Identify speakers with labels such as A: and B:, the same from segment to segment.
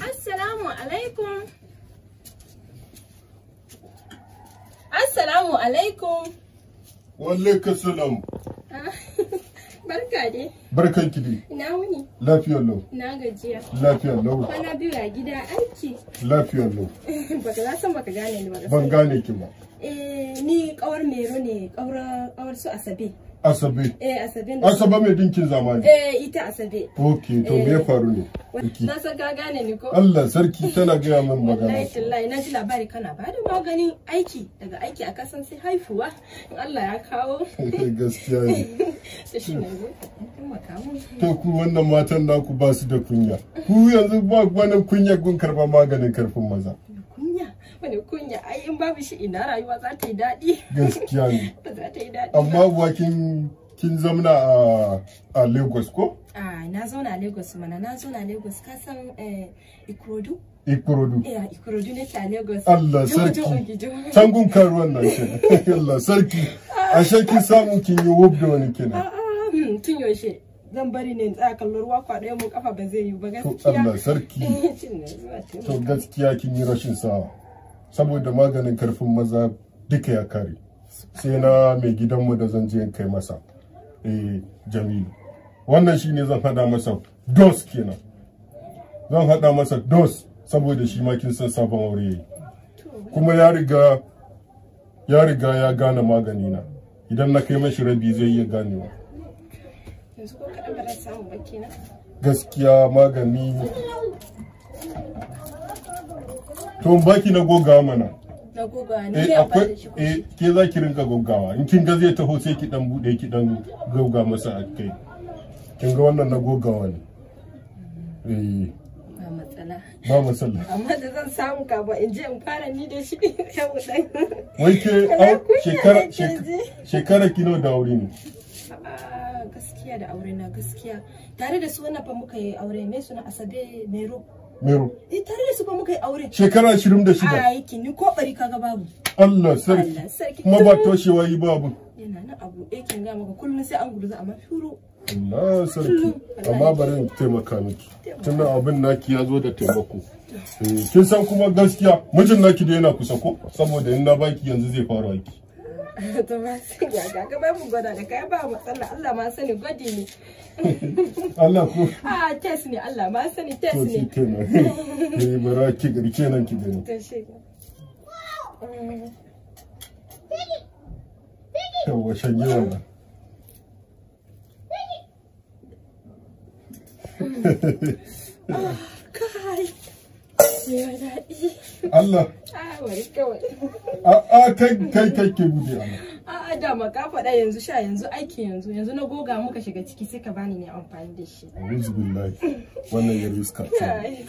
A: Assalamu alaikum. Assalamu alaikum. Barka dai.
B: Barkan ki dai. Ina wuni? Lafiyar lau.
A: Ina gajiya. Lafiyar lau. Kwana biyu a gida aiki.
B: Lafiyar lau.
A: Baka za san baka gane ni ba. Ban
B: gane ki ba.
A: Eh ni kawar Mero ne, kawar kawar su Asabe. Asabe. Eh Asabe. Asabe mai
B: dinkin zamani.
A: Eh ita Asabe. Okay to me ya eh.
B: faru ne? Na
A: san ka gane ni ko? Allah sarki tana gaya min magana. Wallahi tallahi na ji labari kana ba da maganin aiki daga aiki a kasan sai haifuwa Allah ya kawo.
B: Gaskiya ne.
A: To shi ne To ku
B: wannan matan naku ba su da kunya. Ku yanzu ba wani kunya kun karba maganin karfin maza.
A: bane kunya ai in babu shi ina rayuwa za ta yi daɗi
B: gaskiya ne
A: za ta yi daɗi amma
B: buwa kin kin zauna a a Lagos ko
A: a na zauna a Lagos mana na zauna a Lagos ka san eh Ikorodu
B: Ikorodu eh
A: Ikorodu ne ta Lagos Allah sarki tangun
B: karuwan nan kenan Allah sarki ashe kin samu kin yi wub da wani kenan
A: hmm, tun yaushe zan bari ne tsaya kallon ruwa kafa ba zai yi ba gaskiya. To Allah sarki. To
B: gaskiya kin yi rashin sa'a. saboda maganin karfin maza duka ya kare sai na mai gidanmu da zan je kai masa e jamilu wannan shine zan hada masa dos kenan zan hada masa dos saboda shi ma kin san sabon aure yi, kuma ya riga ya gane magani na idan na kai mashi rabi zai iya ganewa gaskiya magani to ki na gogawa mana
C: na gogawa ni eh, ya
B: eh ke za ki rinka gogawa in kin ga zai taho sai ki dan bude ki dan goga masa a kai kin ga wannan na gogawa ne eh ba matsala
A: amma da zan samu ka ba in je in fara ni da shi yau dan
B: wai ke shekara shekara kino da aure ne
A: ah, gaskiya da aure na gaskiya tare da su wannan fa muka yi aure ne suna asabe mai rubu Mero. Eh tare da su ba muka yi aure. Shekara 26. A yake ni ko bari kaga babu.
B: Allah sarki. Allah sarki. Kuma ba toshewa yi babu.
A: Yana nan abu eh kin ga maka kullun sai an gudu za a mafiro.
B: Allah sarki. Amma bari in taimaka miki. Tunda abin naki ya zo da taimako. Eh, kin san kuma gaskiya mijin naki da yana kusa ko saboda in na baki yanzu zai fara aiki.
A: to ma sai ga ba mu gwada da kai ba matsala Allah ma sani gwaji ne Allah ko a ah, test ne Allah ma sani test ne eh
B: bara ki ki gani to shi ah,
A: kai Allah. A'a
B: ah, ah, kai kai kai ke gudu Allah.
A: A'a da ma ka faɗa yanzu sha yanzu aiki yanzu yanzu na goga muka shiga ciki sai ka bani ne amfani da shi. Auzu
B: Wannan ya riska.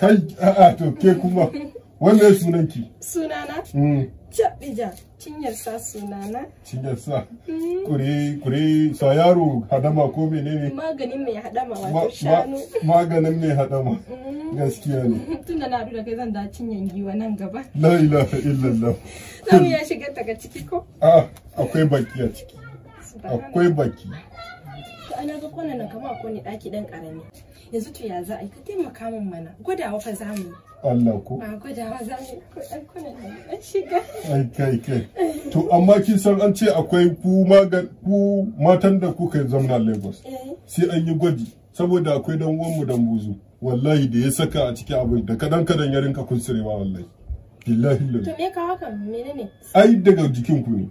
B: Kai a'a to ke kuma. Wannan sunan ki?
A: Sunana? Mm. Jabija, cinyar sa sunana.
B: Cinyar sa. Hmm. Kure kure sa yaro hadama ko menene?
A: Maganin mai hadama wato shanu.
B: Maganin mai hadama.
A: Hmm. Gaskiya ne. Tunda na da kai zan da cinyan giwa nan gaba.
B: La ilaha illallah. mu ya
A: shiga daga ciki ko?
B: Ah, akwai baki a ciki. Akwai baki.
A: To ana ga kwana nan kamar ko ne daki dan karami. Yanzu to ya za a yi ka taimaka min mana. wa fa zamu yi. Allah ko. Ai
B: kai kai. To amma kin san an ce akwai ku magan ku matan da kuka zamna Lagos. Eh. Sai an yi gwaji saboda akwai dan uwan mu dan buzu. Wallahi da ya saka a cikin abin da kadan kadan ya rinka kunsurewa wallahi. Billahi lillahi. To
A: me ka haka menene?
B: Ai daga jikin ku ne.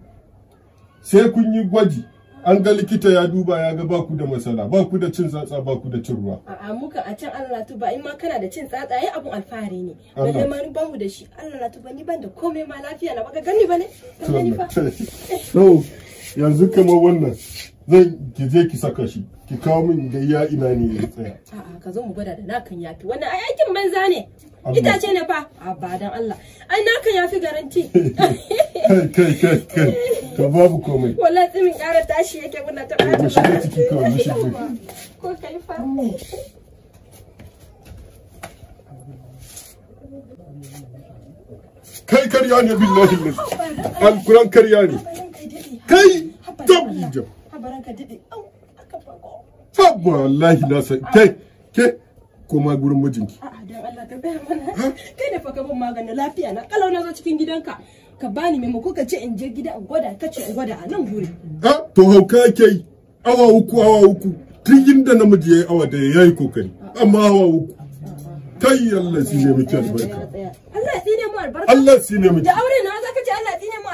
B: Sai kun yi gwaji an ga likita ya duba ya ga baku da masana baku da cin tsatsa baku da cin ruwa
A: a'a muka a can Allah tu ba in ma kana da cin tsatsa ai abun alfahari ne balle ma ni ban mu da shi Allah tu ba ni ban da komai ma lafiya na baka gani ba ne
B: so yanzu kuma wannan zan ki je ki saka shi ki kawo min ga ya ina ne ya tsaya
A: a'a ka zo mu gwada da nakan yafi wannan ai aikin banza ne itace ne fa a badan Allah ai nakan yafi garanti
B: kai kai kai kai to babu komai
A: wallahi tsimin ƙara tashi yake muna ta ɓata ba ciki kawai ko kai
B: kai karya ne billahi ne
A: alkuran karya ne kai tabbi
B: jam tabbi wallahi na san kai ke koma gurin mijinki
A: a'a dan Allah ka bayyana kai da fa ka bin maganin lafiya na kalau na zo cikin gidanka ka bani maimako ka ce in je gida in gwada ka ce in gwada a nan guri
B: ha to hauka ke yi awa uku awa uku tun inda namiji ya yi awa da ya yi kokari amma awa uku kai Allah shi ne miki albarka
A: Allah shi ne mu albarka Allah shi ne miki da aure na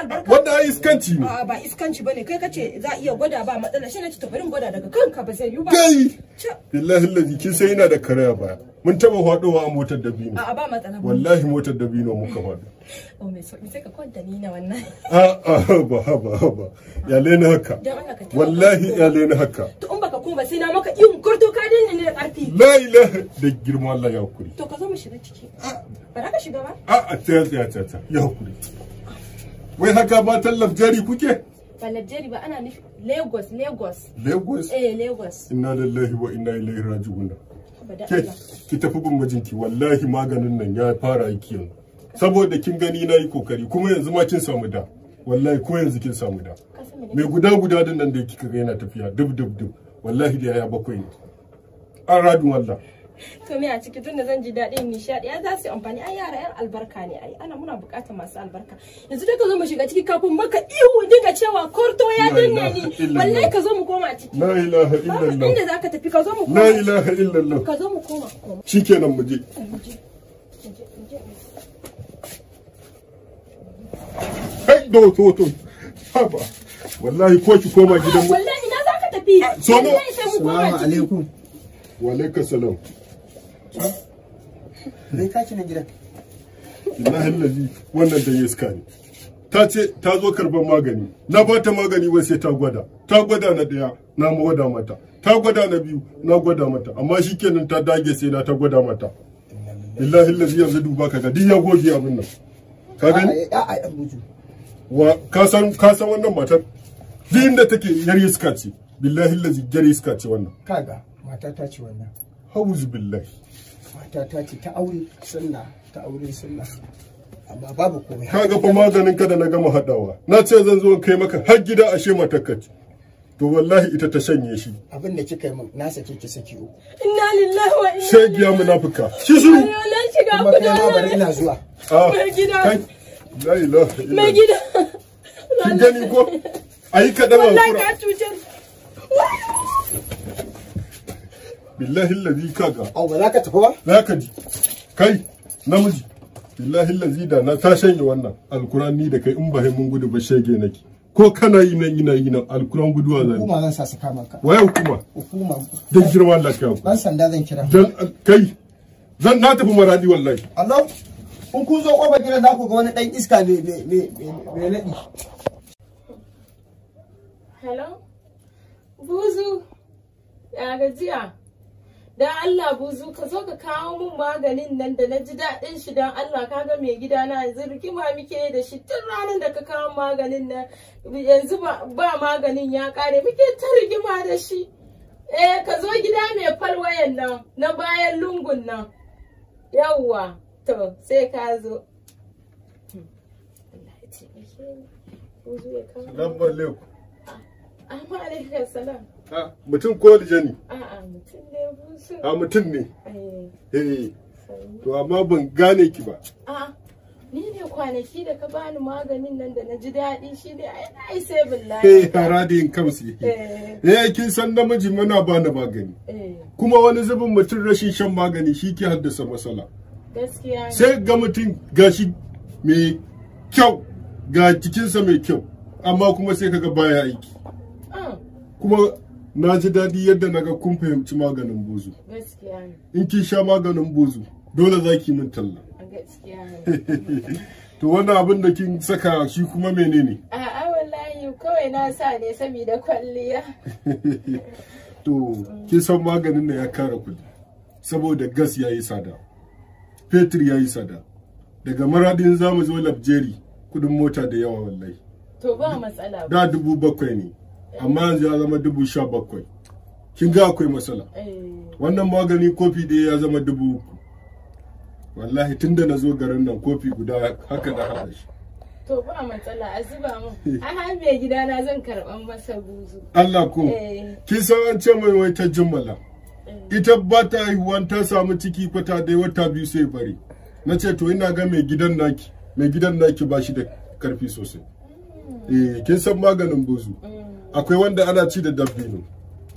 A: albarka wanda
B: ai iskanci ne
A: ba iskanci bane kai kace za iya gwada ba matsala shi nace to bari gwada daga kanka ba sai yu ba kai
B: billahi allazi kin sai ina da karaya ba mun taba fadowa a motar dabino a
A: ba matsala wallahi
B: motar dabino muka fado
A: oh me so sai ka kwanta ni na wannan
B: a a ba ba ba ya lena haka wallahi ya lena haka
A: to in baka kuma sai na maka yin karto ka dinne ne da karfi
B: la ilaha da girma Allah ya hakuri
A: to ka zo mu shiga ciki a ah. ba ka shiga ba
B: a a ta ta ta ya hakuri wai haka ba tallaf jari kuke
A: ba lajeri ba ana nufi lagos lagos lagos eh lagos
B: inna lillahi wa inna ilaihi raji'un ke ki tafi gumbajinki wallahi maganin nan ya fara aiki yanzu saboda kin gani na yi kokari kuma yanzu ma kin samu da wallahi ko yanzu kin samu da mai guda guda din nan da kika ga yana tafiya dub dub dub wallahi da ya bakwai ne an radu wallahi
A: to me a ciki tunda zan ji daɗin nishaɗi ya za su amfani ai yara yan albarka ne ai ana muna buƙatar masu albarka yanzu dai ka zo mu shiga ciki kafin maka ihu dinga cewa korto ya danne ni wallahi ka zo mu koma ciki la
B: ilaha illallah babu inda
A: zaka tafi ka zo mu koma la ilaha illallah ka zo mu koma
B: shikenan mu je eh, kai do to to baba wallahi ko ki koma gidan mu
A: wallahi na zaka tafi so ah, mu salamu alaikum
B: wa alaikum salam zai tashi na gidan lahin lalli wannan dan iska ne ta ce ta zo karban magani na ba ta magani wai sai ta gwada ta gwada na daya na gwada mata ta gwada na biyu na gwada mata amma shikenan ta dage sai na ta gwada mata billahi lalli yanzu duba kaga duk ya goge abin nan ka gani wa ka san ka san wannan matar duk inda take yar iska ce billahi lalli yar iska ce wannan kaga mata ta ce wannan hauz billahi mata ta ce ta aure sunna ta aure sunna amma babu komai ka fa maganin ka da na gama hadawa na ce zan zo kai maka har gida ashe matakkaci to wallahi ita ta shanye shi abin da kika yi min na sake ki saki uku
A: inna lillahi wa inna
B: sai biya munafika shi su
A: kuma kai ma bari ina
B: zuwa ah, mai gida la ilaha illa mai gida kin gani ko ayi kadan wallahi ka
A: cutar
B: billahi lazi kaga au ba za ka tafi ba za ka ji kai namiji billahi lazi da na ta shanye wannan alkuran ni da kai in ba mun gudu ba shege nake ko kana yi nan ina yi nan alkuran guduwa zan hukuma zan sa su kama ka waye hukuma hukuma dan girman Allah kai ban sanda zan kira dan kai zan na tafi maradi wallahi Allah in kun zo kofar gidan za ku ga wani dan iska ne me me me nadi
C: hello buzu ya gajiya dan Allah buzu ka zo ka kawo mun maganin nan da na ji daɗin shi dan Allah ka ga mai gida na yanzu Rikima muke da shi tun ranar da ka kawo maganin nan yanzu ba maganin ya kare muke ta rigima da shi eh ka zo gida mai falwayan nan na bayan lungun nan yawwa to sai ka zo alaikum. Ah,
B: mutum ko jani a mutum ne eh. Eh. to amma ban gane ki ba
C: ni ne kwanaki da ka bani maganin nan da na ji daɗi shi ne a na yi sai billahi
B: eh yin kamsi eh. eh kin san namiji muna bani magani kuma wani zubin mutum rashin shan magani shi ke haddasa matsala
C: gaskiya sai
B: ga mutum gashi mai kyau ga jikinsa mai kyau amma kuma sai kaga baya aiki ah. kuma na ji daɗi yadda na ga kun fahimci maganin bozu in kin sha maganin bozu dole za ki min talla to wannan abin da kin saka shi kuma menene
C: a'a wallahi kawai na sa ne saboda kwalliya
B: to kin san maganin da ya kara kuɗi saboda gas yayi yi tsada fetur ya yi tsada daga maradin zamu zo labjeri kuɗin mota da yawa wallahi
C: to ba matsala da
B: dubu bakwai ne amma yanzu ya zama dubu sha bakwai kin ga akwai matsala eh. wannan magani kofi da ya zama dubu uku wallahi tun da na zo garin nan kofi guda haka da haɗa shi
C: to ba matsala a zuba mun eh. a hanbe gida na zan karɓan masa buzu
B: Allah ko eh. kin san an ce mai wai ta jummala ita ba ta haihuwan ta samu ciki kwata dai wata biyu sai bari na ce to ina ga mai gidan naki mai gidan naki ba shi da karfi sosai mm. eh kin san maganin buzu mm. akwai wanda ana ci da dabino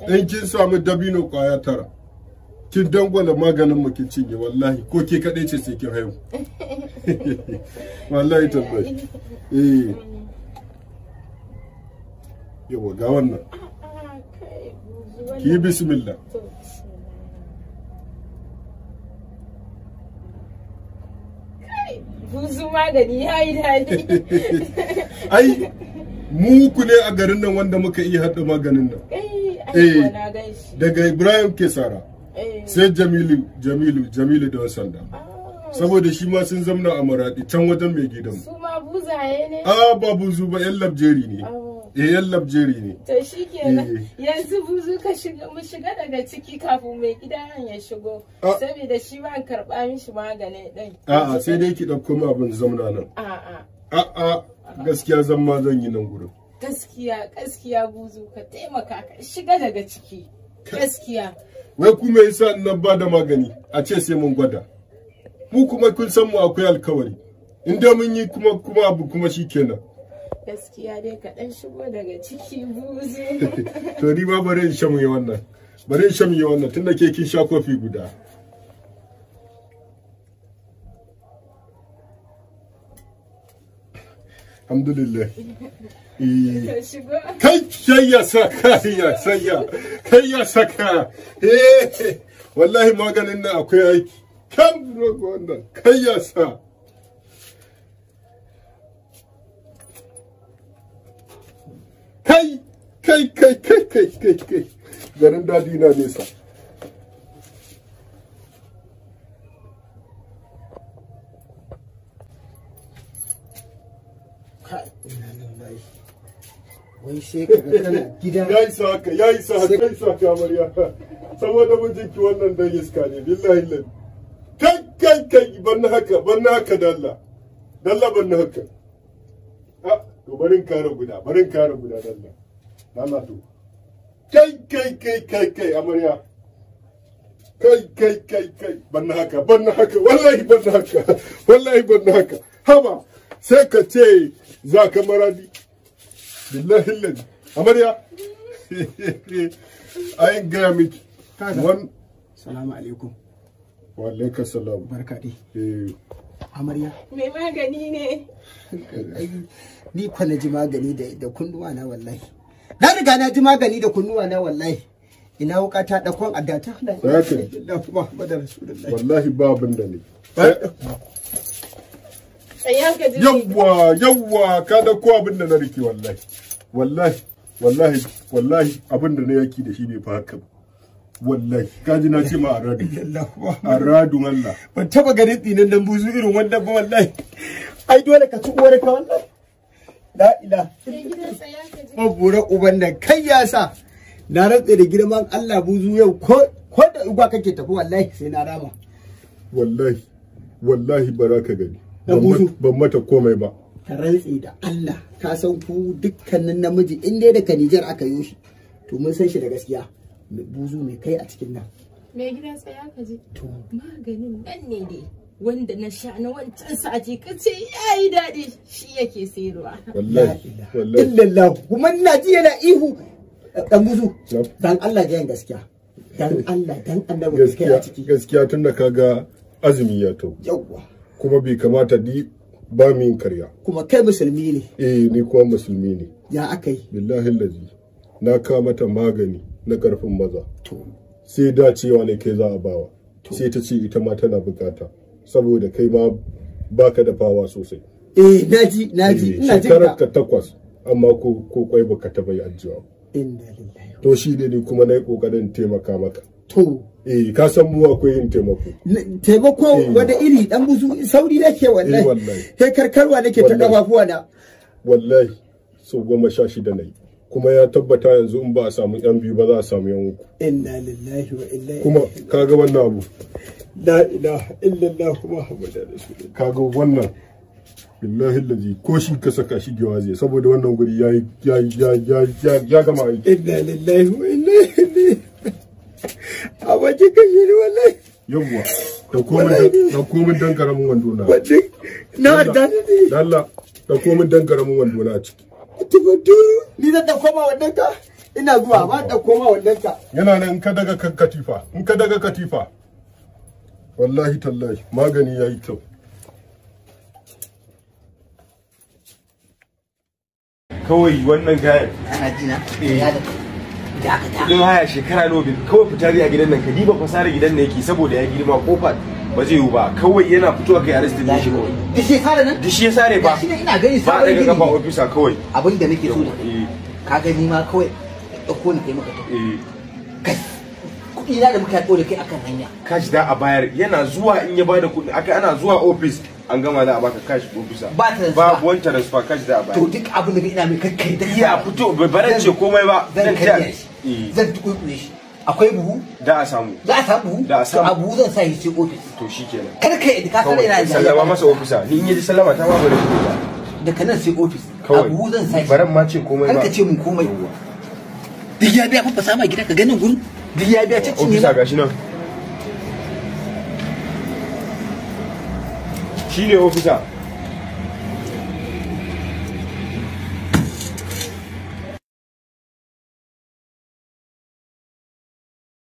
B: in kin samu dabino kwaya tara kin dangwala maganin mu kin cinye wallahi ko ke kaɗai ce sai kin haihu wallahi tabbai eh yawa ga wannan ki bismillah
C: buzu magani ya yi daɗi
B: ai mu ku ne a garin nan wanda muka iya haɗa maganin nan eh, eh daga Ibrahim Kesara eh. sai Jamilu Jamilu Jamilu da sanda ah. saboda shi ma sun zamna a Maradi can wajen mai gidan su
C: ma buzaye ne a ah,
B: ba buzu ba yan labjeri ne oh. eh yan labjeri ne
C: to shikenan eh. yanzu buzu ka shiga mu shiga daga ciki kafin mai gidan ya shigo ah. saboda shi ma karba mishi maganin din a'a
B: sai dai ki dauko mu abin zamna nan a'a a'a gaskiya zan ma zan yi nan gurin
C: gaskiya gaskiya buzu ka taimaka ka shiga daga ciki gaskiya
B: wai kuma yasa na ba da magani a ce sai mun gwada mu kuma kun san mu akwai alkawari in da mun yi kuma kuma abu kuma shikenan
C: gaskiya dai ka dan shigo daga ciki buzu
B: to ni ba bari in shamu wannan bari in shamu wannan tunda ke kin sha kofi guda alhamdulillah kai ya saka ya saya kai ya saka wallahi maganin nan akwai aiki kan rogo wannan kai ya sa kai kai kai kai kai kai garin dadi na nesa sai ka ga tana gida ya isa haka ya isa haka ya isa haka amarya saboda mun mijinki wannan dan iska ne billahi lillahi kai kai kai ban haka ban haka dalla dalla ban haka a ah, to barin kare guda barin kare guda dalla dalla to kai kai kai kai kai amarya kai kai kai kai ban haka ban haka wallahi ban haka wallahi ban haka haba sai ka ce za ka maradi billahi amarya ayin gaya miki salamu alaikum wa alaika salam barka dai eh. amarya
C: magani ne
B: ni kwa na ji magani da kunnuwa na wallahi
C: na riga na ji magani da kunnuwa na wallahi ina wuka ta dakon adata
B: wallahi babin da
C: yawwa
B: yawwa ka da ko abin da na rike wallahi wallahi wallahi wallahi abin da na yaki da shi ne fa haka wallahi ka kaji na ce ma aradu aradu Allah ban taba ganin tsinin nan buzu irin wannan ba wallahi ai dole ka ci uwar ka wallahi la ila mabura uban nan kai ya sa na rantsa da girman Allah buzu yau ko ko da uba kake tafi wallahi sai na rama wallahi wallahi baraka gani ban mata komai ba
C: ta rantse da Allah ka san ku dukkanin namiji in dai daga Nijar aka yo shi to mun san shi da gaskiya mai buzu mai kai a cikin nan mai gida sai aka ji to maganin nan ne dai wanda na sha na wancan sati ka yayi ya daɗi shi yake sayarwa wallahi
B: wallahi kuma
C: ina ji yana ihu
B: dan buzu dan Allah jayan gaskiya dan Allah dan annabi gaskiya gaskiya tunda kaga azumi ya tau yawwa kuma bai kamata ni ba mu yin karya kuma kai musulmi ne eh ni kuma musulmi ne ya akai billahi lazi na kamata mata magani na karfin maza sai da cewa ne kai za a bawa sai ta ce ita ma tana bukata saboda kai ma baka da fawa sosai eh naji naji eh, ina jin ka takwas amma ko ko kai baka ta bai ajiwa inna lillahi to shi ne kuma nayi kokarin taimaka maka to eh ka san mu akwai yin taimako taimako eh. wanda iri dan buzu sauri nake wallahi eh, kai karkarwa nake ta kafafuwa na wallahi so goma sha shida nayi kuma ya tabbata yanzu in ba a samu yan biyu ba za a samu yan uku inna lillahi wa inna ilaihi kuma kaga wannan abu la ilaha illallah muhammadar rasulullah kaga wannan billahi lazi ko shi ka saka shi gewa saboda wannan guri ya ya ya ya ya gama aiki inna lillahi wa inna ilaihi a baki kashe ni wallahi yawwa da komin dan karamin wando na wallahi na addani ne Allah da komin dan karamin wando na ciki tibatu ni zan dauko ma wannan ka ina zuwa ba dauko ma wannan ka yana nan in ka daga kan katifa in ka daga katifa wallahi tallahi magani yayi kyau kawai wannan kayan ana jina eh kudin haya shekara nawa kawai fitari a gidan nan ka diba fasara gidan nan yake saboda ya girma kofa ba zai yiwu ba kawai yana fitowa kai arrestin da shi kawai da shi ya sare nan da ya sare ba shi ne ina gani sare ba daga kafa ofisa kawai abin da nake so eh. ka gani ma kawai dauko ni kai maka to eh. kai kuɗi na da muka dole kai akan hanya kashi da a bayar yana zuwa in ya bada kuɗi aka ana zuwa ofis an gama za a baka cash officer ba ba wani transfer cash za a bayar to duk abin da ina mai kakkai da ya fito ba ce komai ba zan ce Eh. zan tukunkure shi akwai buhu da a samu da a samu da a samu abu zan sa shi ce ofis to ke nan karka yi ka sanar ina da sallama masa ofisa ni in yi sallama ta ma bari kuma da ka nan sai ofis abu zan sa shi baran ma ce komai ba karka ka ce mun komai duk ya biya fafasa sama gida ka ganin gun duk ya biya cikin ne ofisa gashi nan shi ne ofisa